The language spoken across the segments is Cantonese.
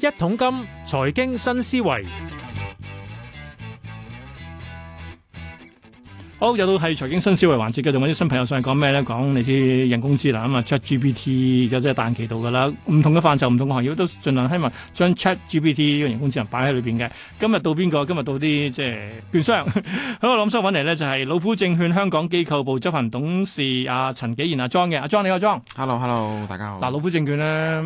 一桶金，財經新思維。好、哦、又到係財經新思維環節，嘅。仲有啲新朋友上嚟講咩咧？講你知人工智能咁啊 ChatGPT 而家即係彈期度噶啦。唔同嘅範疇，唔同嘅行業都盡量希望將 ChatGPT 呢樣人工智能擺喺裏邊嘅。今日到邊個？今日到啲即係券商。喺度諗收揾嚟呢，就係老虎證券香港機構部執行董事阿、啊、陳紀賢阿莊嘅。阿、啊、莊，啊、John，你好、啊，莊 hello，hello,、啊。Hello，Hello，大家好。嗱，老虎證券呢，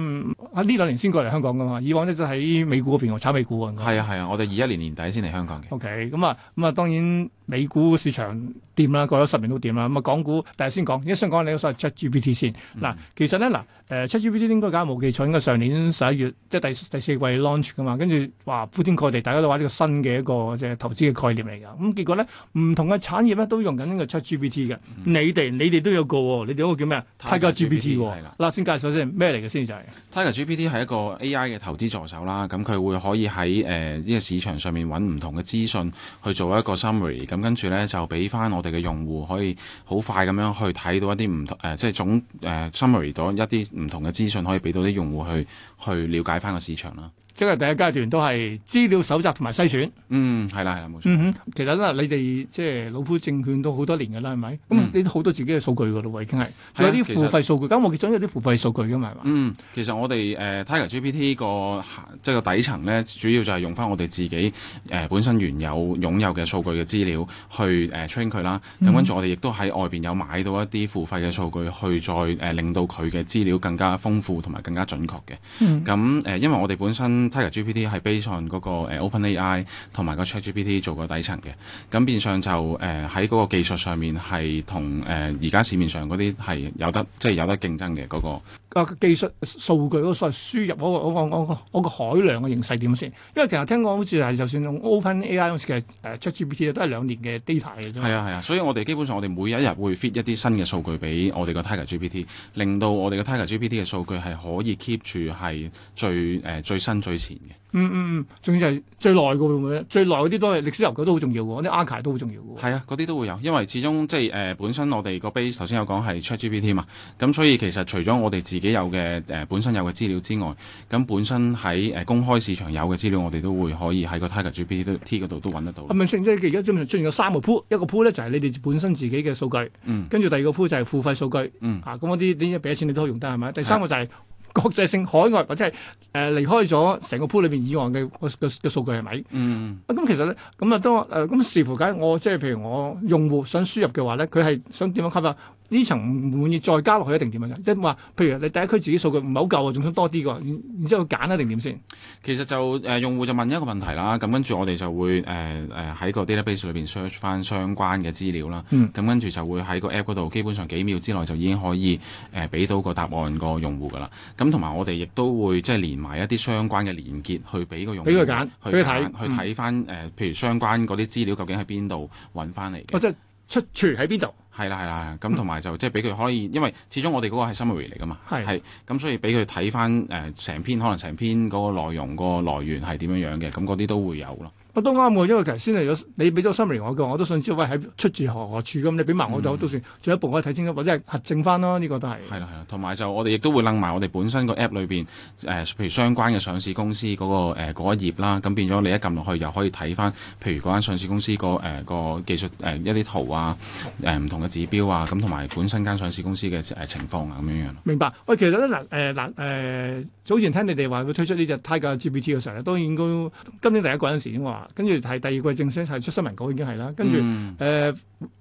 喺呢兩年先過嚟香港噶嘛，以往呢，都喺美股嗰邊喎，炒美股 啊。係啊，係啊，我哋二一年年底先嚟香港嘅。OK，咁啊，咁啊，當然、啊。Okay, 美股市場。掂啦，過咗十年都掂啦。咁啊，港股第日先講。而家想講，你可否 ChatGPT 先？嗱、嗯，其實咧，嗱、呃，誒，ChatGPT 應該梗係無記錯，應該上年十一月即係第四第四季 launch 噶嘛。跟住話鋪天蓋地，大家都玩呢個新嘅一個即係投資嘅概念嚟㗎。咁、嗯、結果咧，唔同嘅產業咧都用緊呢個 ChatGPT 嘅。你哋你哋都有個喎，你哋嗰個叫咩啊 Tiger GPT 嗱，先介紹先咩嚟嘅先就係、是、Tiger GPT 係一個 AI 嘅投資助手啦。咁佢會可以喺誒呢個市場上面揾唔同嘅資訊去做一個 summary。咁跟住咧就俾翻我。我哋嘅用戶可以好快咁樣去睇到一啲唔同誒、呃，即係總誒 summary 到一啲唔同嘅資訊，可以俾到啲用戶去去了解翻個市場啦。即係第一階段都係資料搜集同埋篩選。嗯，係啦，係啦，冇錯、嗯。其實啦，你哋即係老虎證券都好多年嘅啦，係咪？咁你都好多自己嘅數據嘅啦喎，已經係。係有啲付費數據，咁實我記得有啲付費數據嘅嘛，係嘛？嗯，其實我哋誒、呃、Tiger GPT 個即係個底層咧，主要就係用翻我哋自己誒、呃、本身原有擁有嘅數據嘅資料去誒 train 佢啦。咁跟住我哋亦都喺外邊有買到一啲付費嘅數據去再誒、呃、令到佢嘅資料更加豐富同埋更加準確嘅。嗯。咁誒、嗯，因為我哋本身。Tiger GPT 係 base on 個個 Open AI 同埋個 Chat GPT 做個底層嘅，咁變相就誒喺、呃、個技術上面係同誒而家市面上啲係有得即係、就是、有得競爭嘅、嗰個個啊，技術數據嗰個所謂輸入、嗰個、嗰個、嗰個、嗰個嗰海量嘅形勢點先？因為其實聽講好似係、就是、就算用 Open AI 嗰時嘅誒、uh, Chat GPT 都係兩年嘅 data 嘅啫。係啊係啊，所以我哋基本上我哋每一日會 fit 一啲新嘅數據俾我哋個 Tiger GPT，令到我哋嘅 Tiger GPT 嘅數據係可以 keep 住係最誒、呃、最新最新。前嘅、嗯，嗯嗯嗯，仲要係最耐嘅，會唔會最耐嗰啲都係歷史悠久，都好重要嘅。啲 archive 都好重要嘅。係啊，嗰啲都會有，因為始終即係誒本身我哋個 base 頭先有講係 ChatGPT 嘛，咁所以其實除咗我哋自己有嘅誒、呃、本身有嘅資料之外，咁本身喺誒、呃、公開市場有嘅資料，我哋都會可以喺個 Tiger GPT 嗰度都揾得到。咁咪即係而家出現咗三個 pool，一個 pool 咧就係你哋本身自己嘅數據，嗯、跟住第二個 pool 就係付費數據，嗯，咁嗰啲啲俾咗錢你都可以用得係咪？第三個就係、是。國際性海外或者係誒、呃、離開咗成個 pool 裏邊以外嘅個個數據係咪？是是嗯,嗯，咁、啊、其實咧，咁啊都誒咁視乎解我。我即係譬如我用戶想輸入嘅話咧，佢係想點樣吸引？呢層唔滿意再加落去一定點樣㗎？即係話，譬如你第一區自己數據唔係好夠啊，仲想多啲個，然之後揀一定點先？其實就誒、呃，用戶就問一個問題啦。咁跟住我哋就會誒誒喺個 database 裏邊 search 翻相關嘅資料啦。咁、嗯、跟住就會喺個 app 嗰度，基本上幾秒之內就已經可以誒俾、呃、到個答案個用戶噶啦。咁同埋我哋亦都會即係連埋一啲相關嘅連結去俾個用戶俾佢揀，俾佢睇，去睇翻誒，譬如相關嗰啲資料究竟喺邊度揾翻嚟嘅。啊啊啊啊。出處喺邊度？係啦，係啦，咁同埋就即係俾佢可以，因為始終我哋嗰個係 summary 嚟噶嘛，係咁的所以俾佢睇翻誒成篇，可能成篇嗰個內容，個來源係點樣樣嘅，咁嗰啲都會有咯。我都啱，因為其實先嚟咗你俾咗 summary 我嘅，我都想知道喂喺出自何何處咁，你俾埋我就都算進、嗯、一步可以睇清楚或者係核證翻咯，呢、這個都係。係啦，係啦，同埋就我哋亦都會擸埋我哋本身個 app 裏邊誒，譬如相關嘅上市公司嗰、那個嗰、呃、一頁啦，咁變咗你一撳落去又可以睇翻，譬如嗰間上市公司個誒個技術誒、呃呃、一啲圖啊誒唔、呃、同嘅指標啊，咁同埋本身間上市公司嘅誒、呃、情況啊咁樣樣。明白，喂，其實咧嗱誒嗱誒，早前聽你哋話佢推出呢隻 Tiger GPT 嘅時候咧，當然都今年第一個陣時已經話。跟住係第二季正式係出新聞稿已經係啦，跟住誒、嗯呃、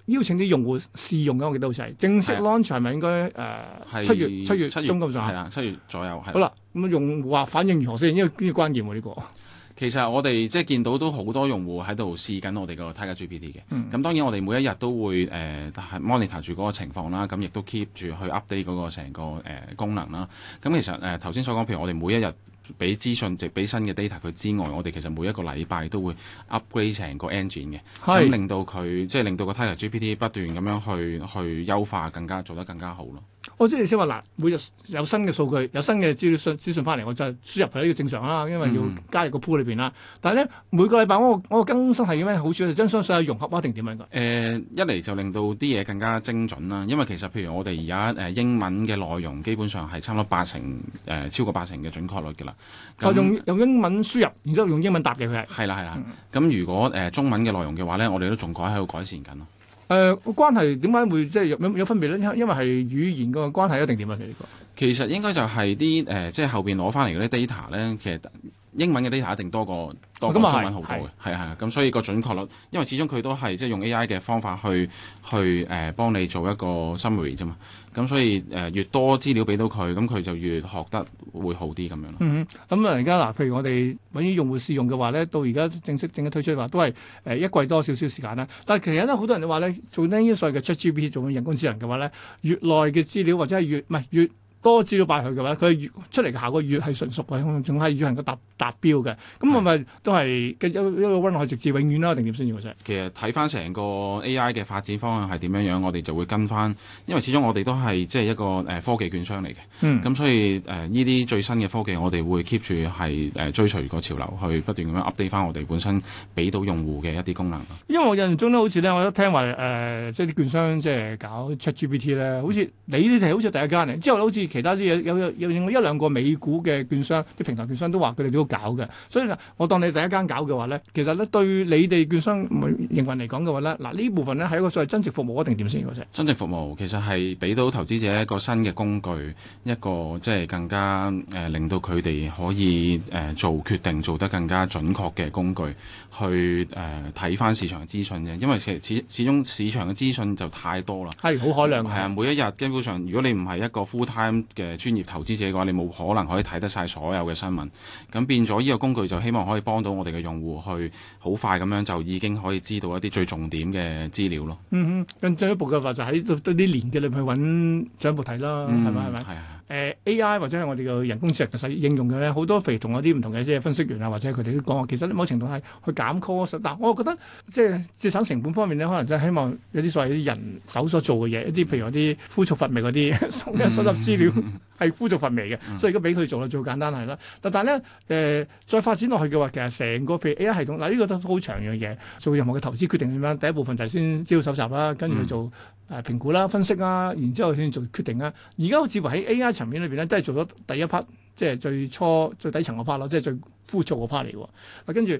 邀請啲用戶試用嘅，我記得好似。正式 launch 係咪、啊、應該誒七月七月中咁上下啦，七、啊、月左右。啊、好啦，咁用戶話反應如何先？因為呢個關鍵喎呢個。其實我哋即係見到都好多用戶喺度試緊我哋個 Tiger GPT 嘅。咁、嗯、當然我哋每一日都會誒係、呃、monitor 住嗰個情況啦。咁亦都 keep 住去 update 嗰個成個誒、呃、功能啦。咁其實誒頭先所講，譬如我哋每一日。俾資訊，即係俾新嘅 data 佢之外，我哋其實每一個禮拜都會 upgrade 成個 engine 嘅，咁是令到佢即係令到個 Taylor GPT 不斷咁樣去去優化，更加做得更加好咯。我、哦、即係先話嗱，每日有新嘅數據，有新嘅資料信資訊翻嚟，我就係輸入去呢個正常啦，因為要加入個 pool 裏邊啦。但係咧，每個禮拜我個嗰、那個、更新係有咩好處？就將相關嘢融合啊，定點樣、啊？誒、呃，一嚟就令到啲嘢更加精準啦。因為其實譬如我哋而家誒英文嘅內容，基本上係差唔多八成誒、呃、超過八成嘅準確率嘅啦、啊。用用英文輸入，然之後用英文答嘅佢係。係啦係啦，咁、嗯、如果誒、呃、中文嘅內容嘅話咧，我哋都仲改喺度改善緊咯。誒，個、呃、關係點解會即係有有分別咧？因為係語言個關係一定點啊？呢個其實應該就係啲誒，即係後邊攞翻嚟嗰啲 data 咧，其實。英文嘅 data 一定多過多過中文好多嘅，係係，咁所以個準確率，因為始終佢都係即係用 AI 嘅方法去去誒幫你做一個 summary 啫嘛，咁所以誒越多資料俾到佢，咁佢就越學得會好啲咁樣。嗯咁啊而家嗱，譬如我哋揾啲用戶試用嘅話咧，到而家正式正式推出嘅話，都係誒、呃、一季多少少時間啦。但係其實咧，好多人就話咧，做呢啲所謂嘅 ChatGPT 做人工智能嘅話咧，越耐嘅資料或者係越唔係越。越越越越多資料擺去嘅話，佢越出嚟嘅效果越係純熟嘅，仲係預行嘅達達標嘅。咁係咪都係一一個溫度直至永遠啦，定點先嘅？其實睇翻成個 AI 嘅發展方向係點樣樣，我哋就會跟翻，因為始終我哋都係即係一個誒、呃、科技券商嚟嘅。嗯，咁、嗯、所以誒呢啲最新嘅科技，我哋會 keep 住係誒追隨個潮流，去不斷咁樣 update 翻我哋本身俾到用戶嘅一啲功能。因為我印象中咧，好似咧，我一聽話誒、呃，即係啲券商即係搞 ChatGPT 咧，嗯、好似你呢啲好似第一間嚟，之後好似。其他啲嘢有有有，一兩個美股嘅券商啲平台券商都話佢哋都要搞嘅，所以嗱，我當你第一間搞嘅話咧，其實咧對你哋券商營運嚟講嘅話咧，嗱呢部分咧係一個所謂增值服務一定點先？我先增值服務其實係俾到投資者一個新嘅工具，一個即係更加誒、呃、令到佢哋可以誒、呃、做決定做得更加準確嘅工具去誒睇翻市場嘅資訊嘅，因為其實始始終市場嘅資訊就太多啦，係好海量，係啊，每一日基本上如果你唔係一個 full time 嘅專業投資者嘅話，你冇可能可以睇得晒所有嘅新聞，咁變咗呢個工具就希望可以幫到我哋嘅用戶去好快咁樣就已經可以知道一啲最重點嘅資料咯。嗯嗯，更進一步嘅話就喺對啲年嘅裏面去揾進一步睇囉，係咪係咪？係係。A.I. 或者係我哋嘅人工智能嘅實應用嘅咧，好多譬如同有啲唔同嘅即係分析員啊，或者佢哋都講話，其實某程度係去減 cost。但我覺得即係節省成本方面咧，可能真係希望有啲所謂啲人手所做嘅嘢，一啲譬如話啲枯燥乏味嗰啲收集資料係枯燥乏味嘅，所以而家俾佢做啦，最簡單係啦。但係咧誒，再發展落去嘅話，其實成個譬如 A.I. 系統嗱，呢、啊呢個都好長樣嘢。做任何嘅投資決定點樣？第一部分就係先資料蒐集啦，跟住去做誒、呃、評估啦、分析啦、啊，然之後先做決定啦。而家好似話喺 A.I. 層面裏邊咧，都係做咗第一 part，即係最初最底層 part 咯，即係最。輔助個 part 嚟喎，啊跟住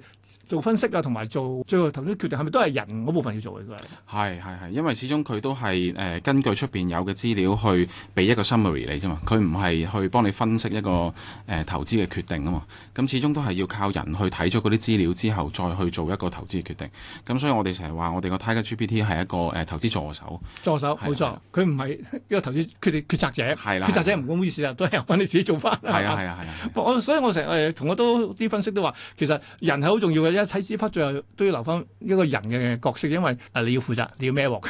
做分析啊，同埋做最後投資決定，係咪都係人嗰部分要做嘅？佢係係係係，因為始終佢都係誒、呃、根據出邊有嘅資料去俾一個 summary 你啫嘛，佢唔係去幫你分析一個誒、呃、投資嘅決定啊嘛，咁始終都係要靠人去睇咗嗰啲資料之後，再去做一個投資嘅決定。咁所以我哋成日話我哋個 Tiger GPT 係一個誒、呃、投資助手，助手冇、啊、錯，佢唔係一個投資決定決策者，決策者唔咁好意思啦，都係揾你自己做翻。係啊係啊係啊！所以我成日同我都。啲分析都話，其實人係好重要嘅，一睇支匹最後都要留翻一個人嘅角色，因為啊你要負責，你要孭鑊，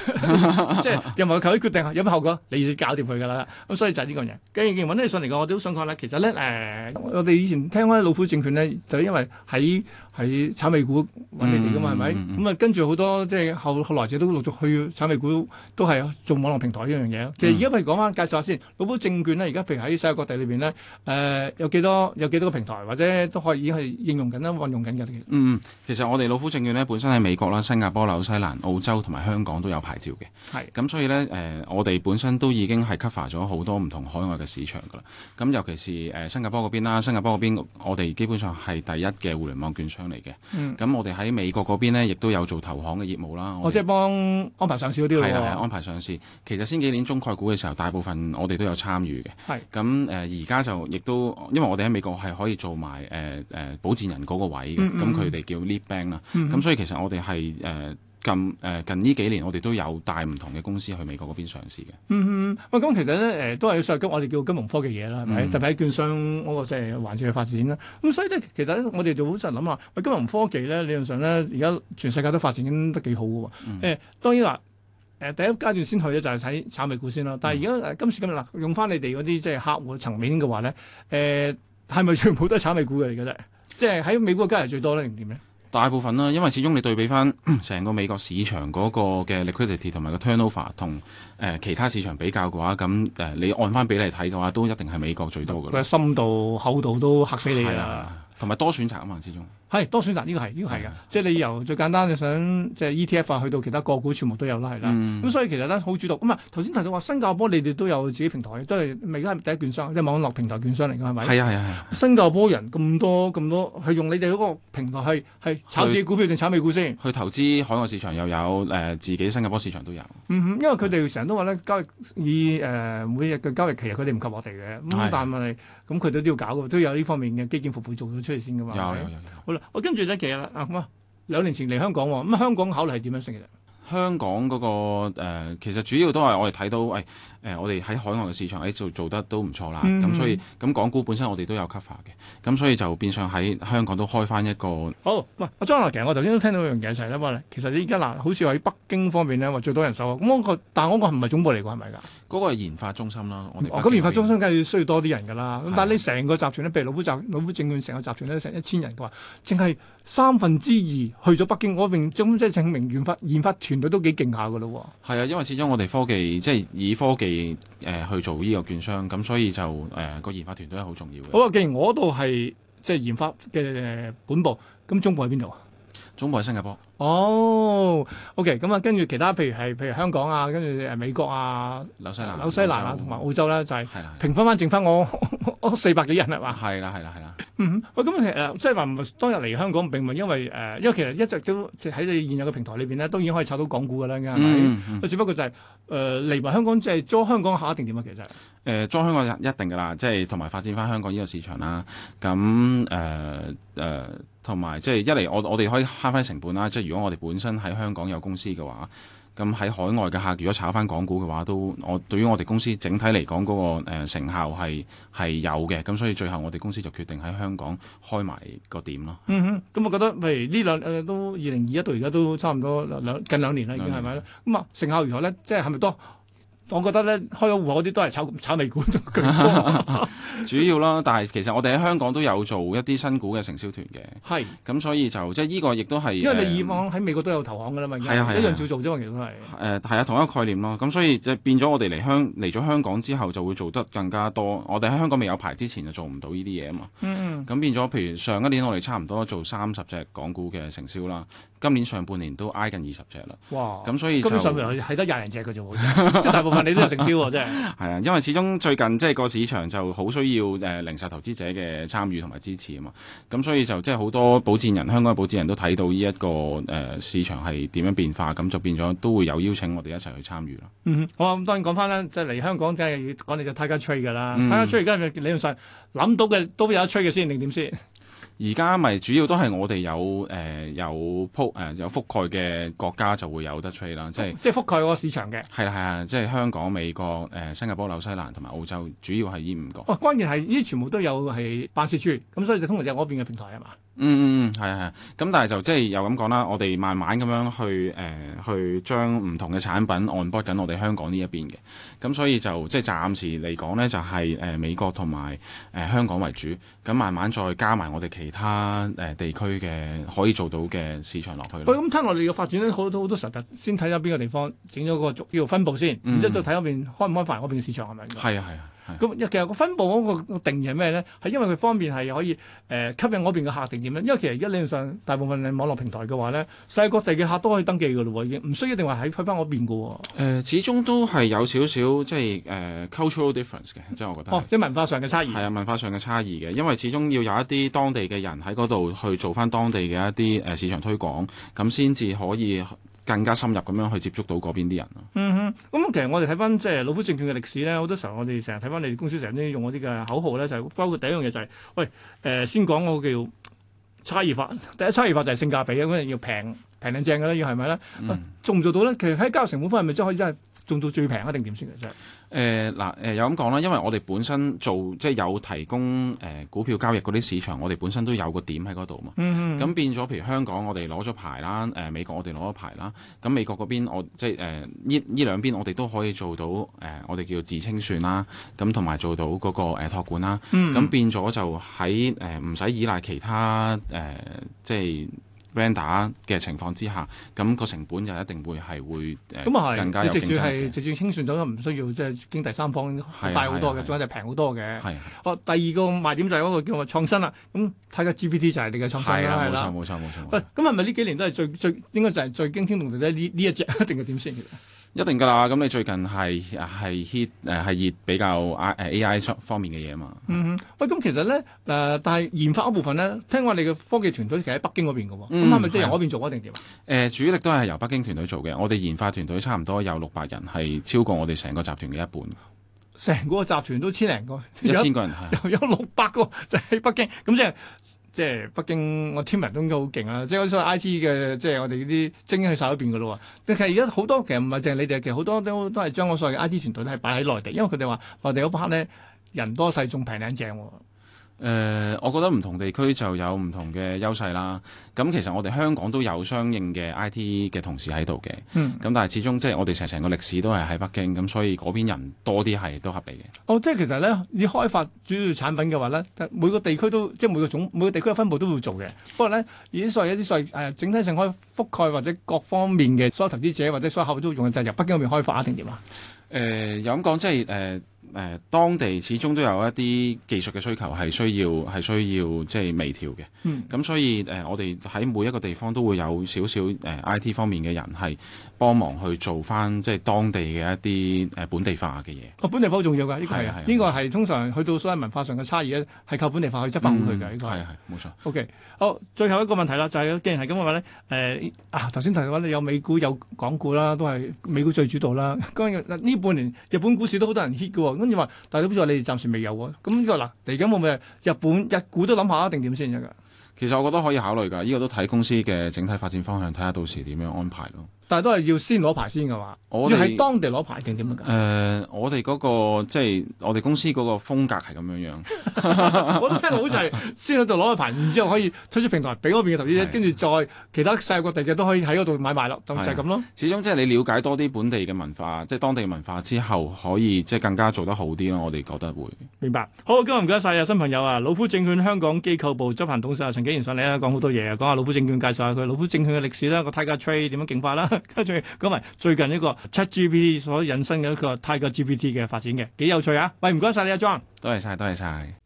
即係任何靠佢決定，有乜效果，你要搞掂佢㗎啦。咁、嗯、所以就係呢個人。既然揾啲信嚟嘅，我哋都想講咧，其實咧誒，呃、 我哋以前聽開老虎證券呢，就因為喺……喺炒美股揾你哋噶嘛，係咪？咁啊，跟住好多即係後後來者都陸續去炒美股，都係做網絡平台呢樣嘢。其實而家不如講翻，介紹下先，老虎證券呢，而家譬如喺世界各地裏邊呢，誒有幾多有幾多個平台，或者都可以已經係應用緊啦，運用緊嘅。其實我哋老虎證券呢，本身喺美國啦、新加坡、紐西蘭、澳洲同埋香港都有牌照嘅。係。咁所以呢，誒我哋本身都已經係 cover 咗好多唔同海外嘅市場噶啦。咁尤其是誒新加坡嗰邊啦，新加坡嗰邊我哋基本上係第一嘅互聯網券商。上嚟嘅，咁、嗯、我哋喺美國嗰邊咧，亦都有做投行嘅業務啦。我即係幫安排上市嗰啲咯。係啦，安排上市。其實先幾年中概股嘅時候，大部分我哋都有參與嘅。係是。咁誒，而、呃、家就亦都，因為我哋喺美國係可以做埋誒誒、呃呃、保薦人嗰個位嘅。咁佢哋叫 lead bank 啦。咁、嗯、所以其實我哋係誒。呃近誒近呢幾年，我哋都有帶唔同嘅公司去美國嗰邊嘗試嘅。嗯嗯，喂、嗯，咁其實咧誒，都係要涉及我哋叫金融科技嘢啦，係咪？特別喺券商嗰、嗰個即係、嗯嗯、環節嘅發展啦。咁所以咧，其實咧，我哋就好想諗下話，喂，金融科技咧理論上咧，而家全世界都發展得幾好嘅喎。誒當然啦，誒第一階段先去咧就係睇炒美股先咯。但係而家今時今日，嗱用翻你哋嗰啲即係客戶層面嘅話咧，誒係咪全部都係炒美股嘅你覺得？即係喺美股嘅交易最多咧定點咧？大部分啦、啊，因為始終你對比翻成個美國市場嗰個嘅 liquidity 同埋個 turnover 同誒、呃、其他市場比較嘅話，咁誒、呃、你按翻比例睇嘅話，都一定係美國最多嘅。佢深度厚度都嚇死你係啦，同埋多選擇啊嘛，始終。係多選擇，呢、這個係，呢、這個係嘅。的即係你由最簡單嘅想，即係 ETF、啊、去到其他個股，全部都有啦，係啦。咁、嗯、所以其實咧好主動。咁啊，頭先提到話新加坡，你哋都有自己平台都係未而家係第一券商，即係網絡平台券商嚟嘅，係咪？係啊。新加坡人咁多咁多，係用你哋嗰個平台去係炒自己股票定去炒美股先？去投資海外市場又有誒、呃，自己新加坡市場都有。嗯、因為佢哋成日都話咧，交易以誒、呃、每日嘅交易期，其實佢哋唔及我哋嘅。咁但係咁佢都都要搞嘅，都有呢方面嘅基建服務做咗出嚟先嘅嘛。有有有。有好啦。我跟住咧，其實啊咁啊，兩年前嚟香港喎，咁、嗯、香港考慮係點樣升嘅啫？香港嗰、那個、呃、其實主要都係我哋睇到，誒、哎呃，我哋喺海外嘅市場、哎、做做得都唔錯啦。咁、嗯、所以咁港股本身我哋都有 cover 嘅，咁所以就變相喺香港都開返一個。好，喂，阿張啊，其實我頭先都聽到一樣嘢就係咧，話咧，其實你依家嗱，好似喺北京方面咧話最多人手咁我、那個、但係個唔係總部嚟㗎，係咪㗎？嗰個係研發中心啦。我哦，咁研發中心梗係需要多啲人㗎啦。咁的但係你成個集團咧，譬如老虎集、老虎證券成個集團咧，成一千人嘅話，淨係三分之二去咗北京，我明，總、就、之、是、證明研發研發團。佢都幾勁下噶咯，係啊，因為始終我哋科技即係以科技誒、呃、去做呢個券商，咁所以就誒個、呃、研發團隊係好重要嘅。好啊，既然我度係即係研發嘅本部，咁總部喺邊度啊？中國喺新加坡哦、oh，OK，咁、嗯、啊，跟住其他，譬如係譬如香港啊，跟住誒美國啊，紐西蘭、紐西蘭啊，同埋澳洲咧，就係平分翻，剩翻我四百幾人啦，哇！係啦，係啦，係啦。咁其實即係話當日嚟香港並唔係因為誒，因為其實一直都即喺你現有嘅平台裏邊咧，都已經可以炒到港股噶啦，係咪？佢只不過就係誒嚟埋香港，即係裝香港，下一定點啊？其實誒，裝香港一定噶啦，即係同埋發展翻香港呢個市場啦。咁誒誒。呃呃呃呃呃同埋即係一嚟，我我哋可以慳翻成本啦。即係如果我哋本身喺香港有公司嘅話，咁喺海外嘅客如果炒翻港股嘅話，都我對於我哋公司整體嚟講嗰個、呃、成效係係有嘅。咁所以最後我哋公司就決定喺香港開埋個點咯、嗯。嗯哼，咁、嗯、我覺得譬如呢兩、呃、都二零二一到而家都差唔多兩兩近兩年啦，已經係咪？咁啊，嗯、成效如何咧？即係係咪多？我覺得咧，開咗戶口啲都係炒炒美股 主要啦，但係其實我哋喺香港都有做一啲新股嘅承銷團嘅。係是。咁所以就即係呢個亦都係。因為你以往喺美國都有投行㗎啦嘛，啊啊、一樣就做咗，其實都係。誒係啊，啊，同一個概念咯。咁所以就變咗我哋嚟香嚟咗香港之後就會做得更加多。我哋喺香港未有牌之前就做唔到呢啲嘢啊嘛。嗯嗯。咁變咗，譬如上一年我哋差唔多做三十隻港股嘅承銷啦。今年上半年都挨近二十隻啦，哇！咁所以今年上半年係得廿零隻嘅啫喎， 即係大部分你都係靜銷喎， 真係。係啊，因為始終最近即係、就是、個市場就好需要誒、呃、零售投資者嘅參與同埋支持啊嘛，咁所以就即係好多保薦人，香港嘅保薦人都睇到呢、這、一個誒、呃、市場係點樣變化，咁就變咗都會有邀請我哋一齊去參與啦、嗯。好啊，咁當然講翻啦，即係嚟香港梗係講你就泰加 trade 㗎啦，trade 而家你理論上諗到嘅都有得 trade 嘅先定點先？而家咪主要都係我哋有誒、呃、有覆誒、呃、有覆蓋嘅國家就會有得出啦，即係即係覆蓋嗰個市場嘅係啦，係啊，即係香港、美國、誒、呃、新加坡、紐西蘭同埋澳洲，主要係呢五個。哦，關鍵係呢啲全部都有係辦事處，咁所以就通過我嗰邊嘅平台係嘛？嗯嗯嗯，係啊係啊，咁但係就即係又咁講啦，我哋慢慢咁樣去誒、呃、去將唔同嘅產品 on board 緊我哋香港呢一邊嘅，咁所以就即係暫時嚟講咧，就係、是、誒、呃、美國同埋誒香港為主，咁慢慢再加埋我哋其他誒、呃、地區嘅可以做到嘅市場落去。喂、嗯，咁聽落嚟嘅發展咧，好多好多實質，先睇下邊個地方，整咗個逐叫做分佈先，然之後再睇嗰邊開唔開發嗰邊市場係咪？係啊係啊。咁其實個分佈嗰個定義係咩咧？係因為佢方便係可以誒吸引嗰邊嘅客定點樣？因為其實而家理論上大部分網絡平台嘅話咧，世界各地嘅客都可以登記嘅咯，已經唔需要一定話喺佢返嗰邊嘅。誒，始終都係有少少即係誒、呃、cultural difference 嘅，即係我覺得、哦。即係文化上嘅差異。係啊，文化上嘅差異嘅，因為始終要有一啲當地嘅人喺嗰度去做返當地嘅一啲誒市場推廣，咁先至可以。更加深入咁樣去接觸到嗰邊啲人咯。嗯哼，咁其實我哋睇翻即係老虎證券嘅歷史咧，好多時候我哋成日睇翻你哋公司成日都用嗰啲嘅口號咧，就係、是、包括第一樣嘢就係、是，喂，誒、呃、先講嗰個叫差異化，第一差異化就係性價比是是、嗯、啊，咁樣要平平靚正嘅咧，要係咪咧？做唔做到咧？其實喺交易成本方面，咪真係可以真係。做到最平一定點先嘅啫。誒嗱誒，有咁講啦，因為我哋本身做即係、就是、有提供誒、呃、股票交易嗰啲市場，我哋本身都有個點喺嗰度嘛。咁、嗯、變咗，譬如香港我哋攞咗牌啦，誒、呃、美國我哋攞咗牌啦。咁美國嗰邊我即係誒呢呢兩邊我哋都可以做到誒、呃，我哋叫做自清算啦。咁同埋做到嗰、那個、呃、託管啦。咁、嗯、變咗就喺誒唔使依賴其他誒、呃，即係。render 嘅情況之下，咁、那個成本就一定會係會誒是更加競爭嘅。你直接係直接清算咗，唔需要即係、就是、經第三方很快好多嘅，仲、啊啊啊、有就平好多嘅。係、啊。哦、啊，第二個賣點就係嗰個叫做創新啦。咁睇下 GPT 就係你嘅創新啦，冇、啊啊、錯，冇、啊、錯，冇錯。喂、啊，咁係咪呢幾年都係最最應該就係最驚天動地呢呢一,一隻定係點先？一定噶啦，咁你最近係係 hit 誒係熱比較誒 AI 方面嘅嘢嘛？嗯嗯，喂、嗯，咁、嗯、其實咧誒、呃，但係研發一部分咧，聽話你嘅科技團隊其實喺北京嗰邊噶，咁係咪即係由嗰邊做啊？定點啊？誒、呃，主力都係由北京團隊做嘅。我哋研發團隊差唔多有六百人，係超過我哋成個集團嘅一半。成個集團都千零個，一千個人，又有六百個就喺北京，咁即係。即係北京，我 team 都應該好勁啦。即係好似話 I T 嘅，即係我哋嗰啲精英去曬嗰邊噶咯。但係而家好多其實唔係淨係你哋，其實好多，多，多都都係將我所謂 I T 團隊都係擺喺內地，因為佢哋話內地嗰 part 咧人多勢眾，平靚正。誒、呃，我覺得唔同地區就有唔同嘅優勢啦。咁、嗯、其實我哋香港都有相應嘅 IT 嘅同事喺度嘅。咁、嗯、但係始終即係我哋成成個歷史都係喺北京，咁、嗯、所以嗰邊人多啲係都合理嘅。哦，即係其實咧，以開發主要產品嘅話咧，每個地區都即係每個總每個地區嘅分部都會做嘅。不過咧，已經所謂一啲所謂誒、呃、整體性可以覆蓋或者各方面嘅所有投資者或者所有客戶都用，就是、由北京嗰邊開發定點啊？誒、呃，有咁講即係誒。呃呃誒當地始終都有一啲技術嘅需求，係需要係需要即係微調嘅。咁、嗯、所以誒，我哋喺每一個地方都會有少少誒 I T 方面嘅人係幫忙去做翻即係當地嘅一啲誒本地化嘅嘢、哦。本地化好重要㗎，呢、這個係通常去到所謂文化上嘅差異咧，係靠本地化去執行佢嘅。呢、嗯、個係冇錯。O、okay. K，好，最後一個問題啦，就係、是、既然係咁嘅話咧，誒、呃、啊頭先提嘅有美股有港股啦，都係美股最主導啦。日嗱呢半年日本股市都好多人 h i t 嘅喎。咁住話，但係呢邊你哋暫時未有喎。咁呢個嗱，嚟緊會唔會日本日股都諗下定點先嘅？其實我覺得可以考慮㗎。呢個都睇公司嘅整體發展方向，睇下到時點樣安排咯。但係都係要先攞牌先嘅嘛？們要喺當地攞牌定點樣㗎？誒、呃，我哋嗰、那個即係、就是、我哋公司嗰個風格係咁樣樣。 我都聽到好就係先喺度攞個牌，然之後可以推出平台俾嗰邊嘅投資者，跟住的再其他世界各地嘅都可以喺嗰度買賣、就是、咯，就係咁咯。始終即係你了解多啲本地嘅文化，即、就、係、是、當地文化之後，可以即係、就是、更加做得好啲咯。我哋覺得會明白。好，今日唔該曬新朋友啊！老虎證券香港機構部執行董事陳景賢上嚟啦，講好多嘢啊，講下老虎證券介紹下佢老虎證券嘅歷史啦，個 Tiger Trade 點樣勁化啦。跟住講埋最近呢個七 GPT 所引申嘅一個泰國 GPT 嘅發展嘅幾有趣啊！喂，唔該晒你阿莊，多謝晒，多謝晒。